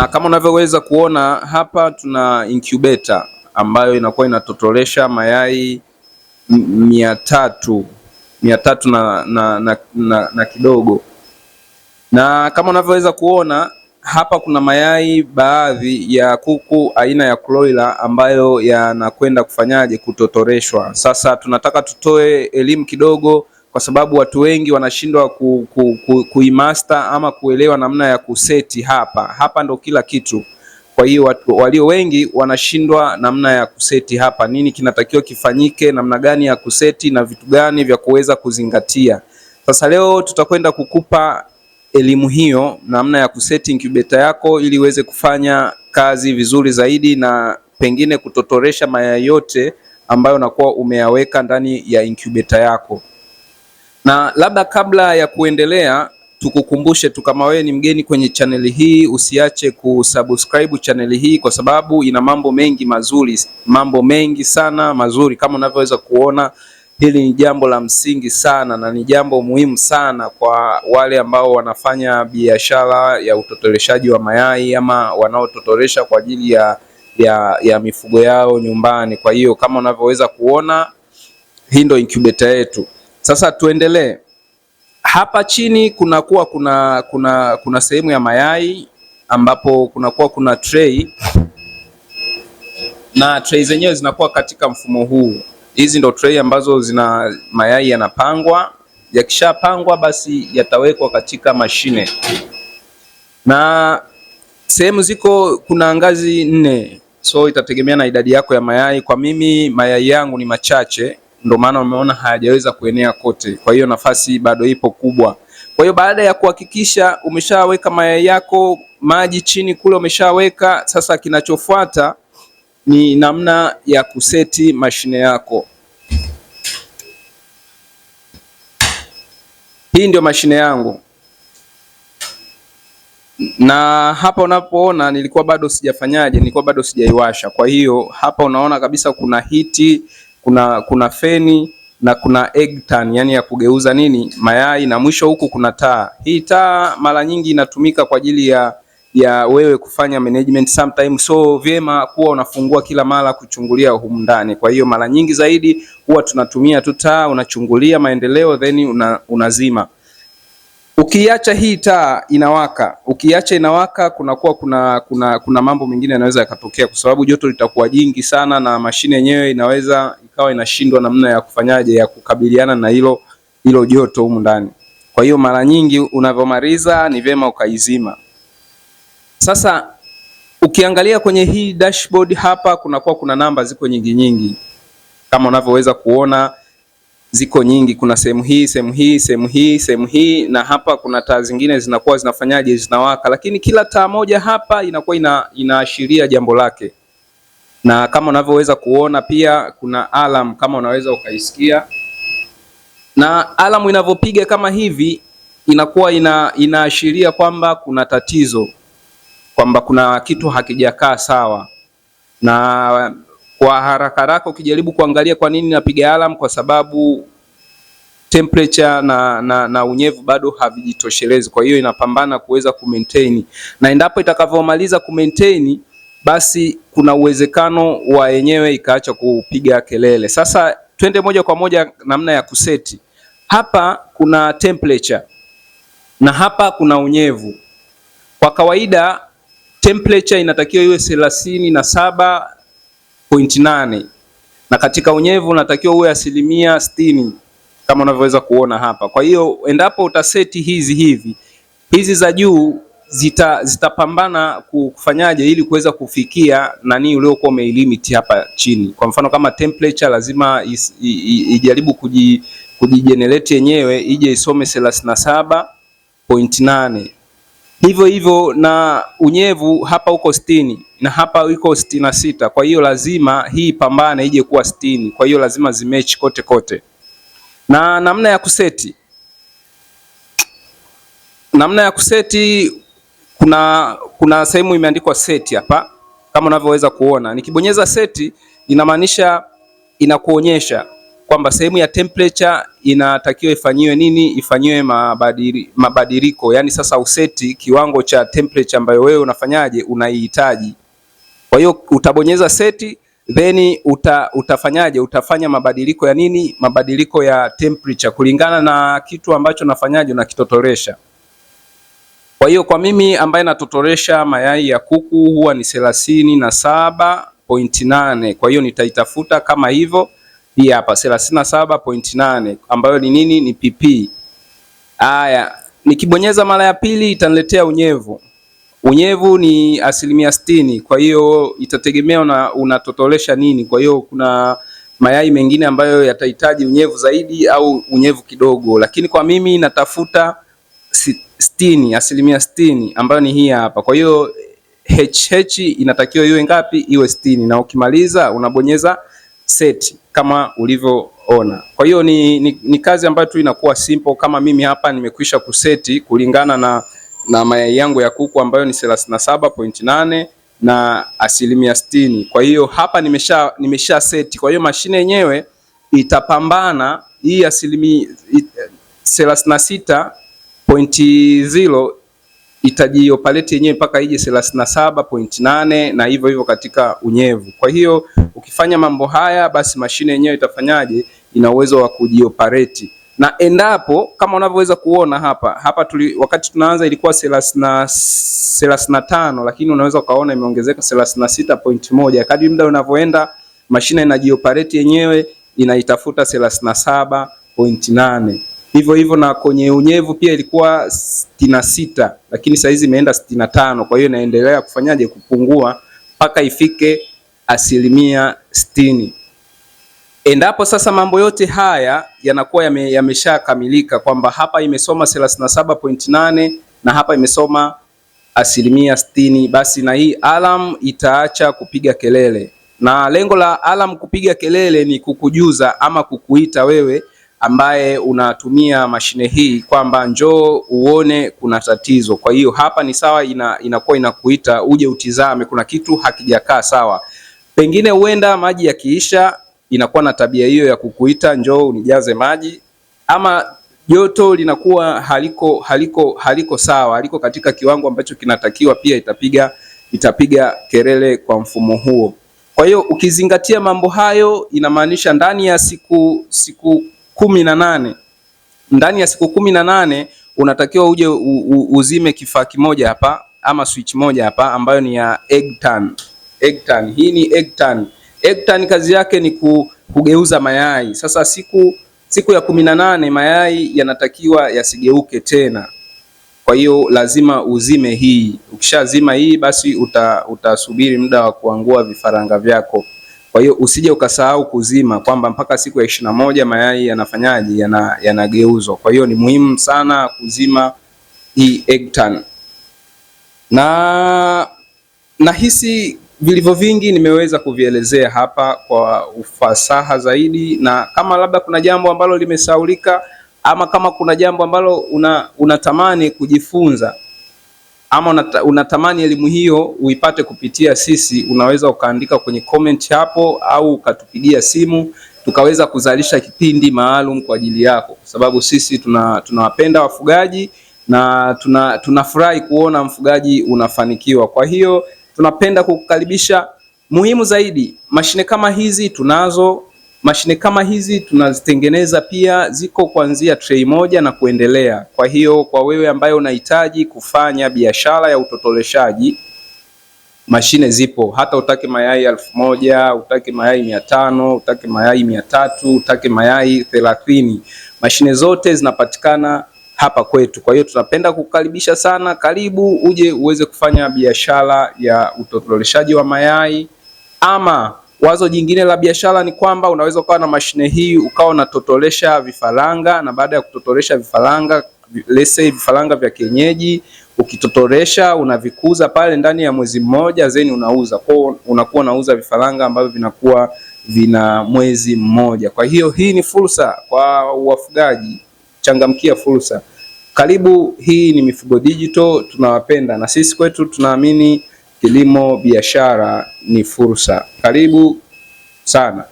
Na kama unavyoweza kuona hapa tuna incubator ambayo inakuwa inatotolesha mayai mia tatu mia tatu na, na, na, na, na kidogo. Na kama unavyoweza kuona hapa kuna mayai baadhi ya kuku aina ya kloila ambayo yanakwenda kufanyaje kutotoreshwa. Sasa tunataka tutoe elimu kidogo kwa sababu watu wengi wanashindwa ku, ku, ku, kuimaster ama kuelewa namna ya kuseti hapa. Hapa ndo kila kitu. Kwa hiyo walio wengi wanashindwa namna ya kuseti hapa, nini kinatakiwa kifanyike, namna gani ya kuseti na vitu gani vya kuweza kuzingatia. Sasa leo tutakwenda kukupa elimu hiyo, namna ya kuseti incubator yako ili uweze kufanya kazi vizuri zaidi na pengine kutotoresha mayai yote ambayo unakuwa umeyaweka ndani ya incubator yako. Na labda kabla ya kuendelea, tukukumbushe tu kama wewe ni mgeni kwenye chaneli hii, usiache kusubscribe chaneli hii kwa sababu ina mambo mengi mazuri, mambo mengi sana mazuri. Kama unavyoweza kuona, hili ni jambo la msingi sana na ni jambo muhimu sana kwa wale ambao wanafanya biashara ya utotoleshaji wa mayai ama wanaototoresha kwa ajili ya, ya, ya mifugo yao nyumbani. Kwa hiyo kama unavyoweza kuona, hii ndio incubator yetu. Sasa tuendelee hapa chini, kunakuwa kuna, kuna, kuna sehemu ya mayai ambapo kunakuwa kuna tray na tray zenyewe zinakuwa katika mfumo huu. Hizi ndo tray ambazo zina mayai yanapangwa, yakishapangwa basi yatawekwa katika mashine na sehemu ziko kuna ngazi nne, so itategemea na idadi yako ya mayai. Kwa mimi mayai yangu ni machache ndio maana umeona hayajaweza kuenea kote. Kwa hiyo nafasi bado ipo kubwa. Kwa hiyo baada ya kuhakikisha umeshaweka mayai yako maji chini kule umeshaweka, sasa kinachofuata ni namna ya kuseti mashine yako. Hii ndio mashine yangu, na hapa unapoona nilikuwa bado sijafanyaje, nilikuwa bado sijaiwasha. Kwa hiyo hapa unaona kabisa kuna hiti kuna kuna feni na kuna egg tan, yani ya kugeuza nini mayai, na mwisho huku kuna taa. Hii taa mara nyingi inatumika kwa ajili ya ya wewe kufanya management sometime, so vyema kuwa unafungua kila mara kuchungulia humu ndani. Kwa hiyo mara nyingi zaidi huwa tunatumia tu taa, unachungulia maendeleo then una, unazima. Ukiacha hii taa inawaka, ukiacha inawaka, kunakuwa kuna kuna kuna mambo mengine yanaweza yakatokea, kwa sababu joto litakuwa jingi sana na mashine yenyewe inaweza ikawa inashindwa namna ya kufanyaje ya kukabiliana na hilo hilo joto humu ndani. Kwa hiyo mara nyingi unavyomaliza ni vyema ukaizima. Sasa ukiangalia kwenye hii dashboard hapa, kunakuwa kuna namba ziko nyingi nyingi kama unavyoweza kuona ziko nyingi. Kuna sehemu hii sehemu hii sehemu hii sehemu hii, na hapa kuna taa zingine zinakuwa zinafanyaje, zinawaka, lakini kila taa moja hapa inakuwa ina inaashiria jambo lake, na kama unavyoweza kuona pia kuna alam, kama unaweza ukaisikia, na alam inavyopiga kama hivi inakuwa ina inaashiria kwamba kuna tatizo, kwamba kuna kitu hakijakaa sawa na kwa haraka haraka ukijaribu kuangalia kwa nini napiga alarm, kwa sababu temperature na, na, na unyevu bado havijitoshelezi, kwa hiyo inapambana kuweza kumaintain, na endapo itakavyomaliza kumaintain basi kuna uwezekano wa yenyewe ikaacha kupiga kelele. Sasa twende moja kwa moja namna ya kuseti. Hapa kuna temperature na hapa kuna unyevu. Kwa kawaida temperature inatakiwa iwe thelathini na saba pointi nane na katika unyevu unatakiwa uwe asilimia stini kama unavyoweza kuona hapa. Kwa hiyo endapo utaseti hizi hivi hizi za juu zita zitapambana kufanyaje ili kuweza kufikia nani uliokuwa umeilimiti hapa chini. Kwa mfano kama temperature lazima is, i, i, ijaribu kuji kujigenerate yenyewe ije isome 37.8 hivyo hivyo, na unyevu hapa uko sitini na hapa iko sitini na sita. Kwa hiyo lazima hii pambana ije kuwa sitini, kwa hiyo lazima zimechi kote kote. Na namna ya kuseti, namna ya kuseti, kuna kuna sehemu imeandikwa seti hapa, kama unavyoweza kuona. Nikibonyeza seti, inamaanisha inakuonyesha kwamba sehemu ya temperature inatakiwa ifanyiwe nini? Ifanyiwe mabadiri, mabadiliko, yani sasa useti kiwango cha temperature ambayo wewe unafanyaje unaihitaji. Kwa hiyo utabonyeza seti then uta, utafanyaje? Utafanya mabadiliko ya nini? Mabadiliko ya temperature kulingana na kitu ambacho nafanyaje, unakitotoresha Kwa hiyo kwa mimi ambaye natotoresha mayai ya kuku huwa ni thelathini na saba pointi nane. Kwa hiyo nitaitafuta kama hivyo hii hapa 37.8 ambayo ni nini? Ni PP. Haya, nikibonyeza mara ya pili itaniletea unyevu. Unyevu ni asilimia sitini, kwa hiyo itategemea una, unatotolesha nini. Kwa hiyo kuna mayai mengine ambayo yatahitaji unyevu zaidi au unyevu kidogo, lakini kwa mimi natafuta sitini, asilimia sitini ambayo ni hii hapa. Kwa hiyo HH inatakiwa iwe ngapi? Iwe sitini, na ukimaliza unabonyeza set kama ulivyoona. Kwa hiyo ni, ni, ni kazi ambayo tu inakuwa simple. Kama mimi hapa nimekwisha kuseti kulingana na na mayai yangu ya kuku ambayo ni 37.8 na asilimia 60. Kwa hiyo hapa nimesha nimesha seti. Kwa hiyo mashine yenyewe itapambana hii asilimia 36.0 itajiopaleti yenyewe mpaka ije 37.8 na hivyo hivyo katika unyevu. Kwa hiyo ukifanya mambo haya, basi mashine yenyewe itafanyaje? Ina uwezo wa kujiopareti na endapo kama unavyoweza kuona hapa hapa tuli, wakati tunaanza ilikuwa thelathini na tano lakini unaweza ukaona imeongezeka thelathini na sita pointi moja kadri muda unavyoenda mashine inajioperate yenyewe inaitafuta thelathini na saba pointi nane hivyo hivyo, na kwenye unyevu pia ilikuwa sitini na sita lakini saizi imeenda sitini na tano kwa hiyo inaendelea kufanyaje kupungua mpaka ifike asilimia sitini. Endapo sasa mambo yote haya yanakuwa yameshakamilika, kwamba hapa imesoma 37.8 na hapa imesoma asilimia 60, basi na hii alam itaacha kupiga kelele, na lengo la alam kupiga kelele ni kukujuza ama kukuita wewe ambaye unatumia mashine hii kwamba njoo uone kuna tatizo. Kwa hiyo hapa ni sawa, ina, inakuwa inakuita uje utizame kuna kitu hakijakaa sawa, pengine huenda maji yakiisha inakuwa na tabia hiyo ya kukuita njoo unijaze maji, ama joto linakuwa haliko haliko haliko sawa, haliko katika kiwango ambacho kinatakiwa, pia itapiga itapiga kelele kwa mfumo huo. Kwa hiyo ukizingatia mambo hayo, inamaanisha ndani ya siku siku kumi na nane ndani ya siku kumi na nane unatakiwa uje uzime kifaa kimoja hapa ama switch moja hapa ambayo ni ya egg tan. Egg tan. Hii ni egg tan egg kazi yake ni kugeuza mayai. Sasa siku siku ya kumi na nane mayai yanatakiwa yasigeuke tena, kwa hiyo lazima uzime hii. Ukishazima hii basi uta, utasubiri muda wa kuangua vifaranga vyako. Kwa hiyo usije ukasahau kuzima kwamba mpaka siku ya ishirini na moja mayai yanafanyaje, yanageuzwa yana. Kwa hiyo ni muhimu sana kuzima hii egg tan na nahisi vilivyo vingi nimeweza kuvielezea hapa kwa ufasaha zaidi, na kama labda kuna jambo ambalo limesaulika ama kama kuna jambo ambalo una, unatamani kujifunza ama unatamani elimu hiyo uipate kupitia sisi, unaweza ukaandika kwenye comment hapo au ukatupigia simu tukaweza kuzalisha kipindi maalum kwa ajili yako, kwa sababu sisi tunawapenda tuna wafugaji na tunafurahi tuna kuona mfugaji unafanikiwa. Kwa hiyo tunapenda kukukaribisha. Muhimu zaidi, mashine kama hizi tunazo, mashine kama hizi tunazitengeneza pia, ziko kuanzia trei moja na kuendelea. Kwa hiyo kwa wewe ambaye unahitaji kufanya biashara ya utotoleshaji mashine zipo, hata utake mayai elfu moja utake mayai mia tano utake mayai mia tatu utake mayai thelathini mashine zote zinapatikana hapa kwetu. Kwa hiyo tunapenda kukaribisha sana, karibu uje uweze kufanya biashara ya utotoleshaji wa mayai. Ama wazo jingine la biashara ni kwamba unaweza ukawa na mashine hii ukawa unatotolesha vifaranga, na baada ya kutotolesha vifaranga lese vifaranga vya kienyeji ukitotoresha unavikuza pale ndani ya mwezi mmoja zeni unauza kwa, unakuwa unauza vifaranga ambavyo vinakuwa vina mwezi mmoja. Kwa hiyo hii ni fursa kwa wafugaji Changamkia fursa. Karibu, hii ni Mifugo Digital, tunawapenda na sisi kwetu tunaamini kilimo biashara ni fursa. Karibu sana.